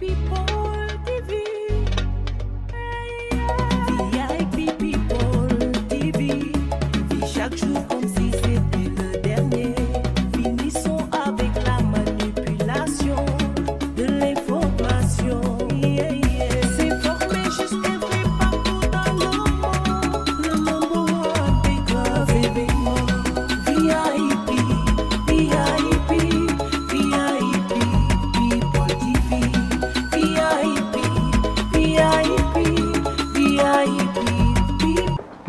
people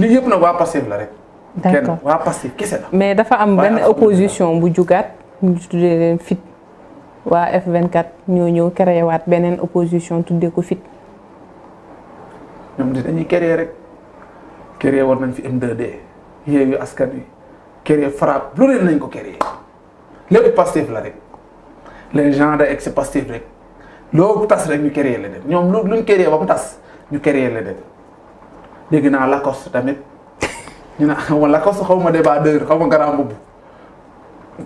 lii yëpp nag waa Pastef la rek. d'accord kenn waa Pastef kese la. mais dafa am benn opposition bu jugaat ñu tuddee leen fit waa F24 ñoo ñëw créé waat beneen opposition tuddee ko fit. ñoom di dañuy créé rek créé war nañ fi M2D Yewwi Askan Wi créé FRAPP lu leen nañ ko créé lépp Pastef la rek les gens de ex Pastef rek loo tas rek ñu créé leneen ñoom lu luñ créé ba mu tas ñu créé leneen. dégg naa Lacoste tamit ñu naan Lacoste xaw ma débardeur xaw ma grand boubou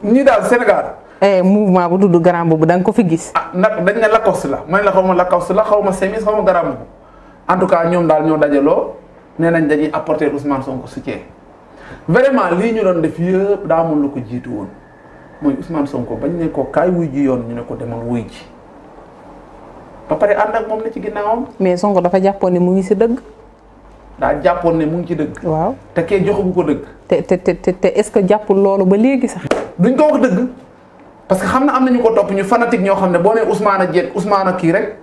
ñi daal Sénégal. Eh, mouvement bu tudd grand boubou da ko fi gis. ah nag dañ ne Lacoste la man la xaw ma la xaw ma semis xaw ma grand boubou en tout cas ñoom daal ñoo dajaloo nee nañ dañuy apporter Ousmane Sonko soutien vraiment lii ñu doon def yëpp daa amul lu ko jiitu woon mooy Ousmane Sonko bañ ne ko kaay wuy ji yoon ñu ne ko demal wuy ji ba pare ànd ak moom la ci ginnaawam. mais Sonko dafa jàppoon ne mu ngi si dëgg. daa jàppoon ne mu ngi ci dëgg. waaw te kee joxuñu ko dëgg. te te te te est que jàppul loolu ba léegi sax. duñ ko wax dëgg parce que xam na am na ñu ko topp ñu fanatique ñoo xam ne boo nee Ousmane Diène a kii rek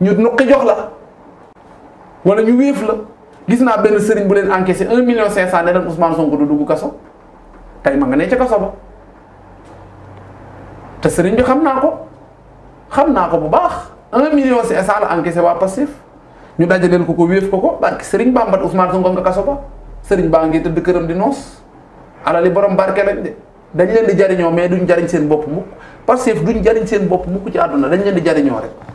ñu nuqi jox la wala ñu wéef la gis naa benn sëriñ bu leen encaissé un million cinq cent ne leen Ousmane Sonko du dugg kaso tey ma nga ne ca kaso ba te sëriñ bi xam naa ko xam naa ko bu baax un million cinq cent la encaissé waa Pastef. ñu dajaleel ko ko wéef ko ko barke Serigne Bamba Ousmane Sonko nga kaso ba Serigne baa ngi tëdd këram di noos alali borom barke lañ de dañ leen di jariñoo mais duñ jariñ seen bopp mukk parce que duñ jariñ seen bopp mukk ci àdduna dañ leen di jariñoo rek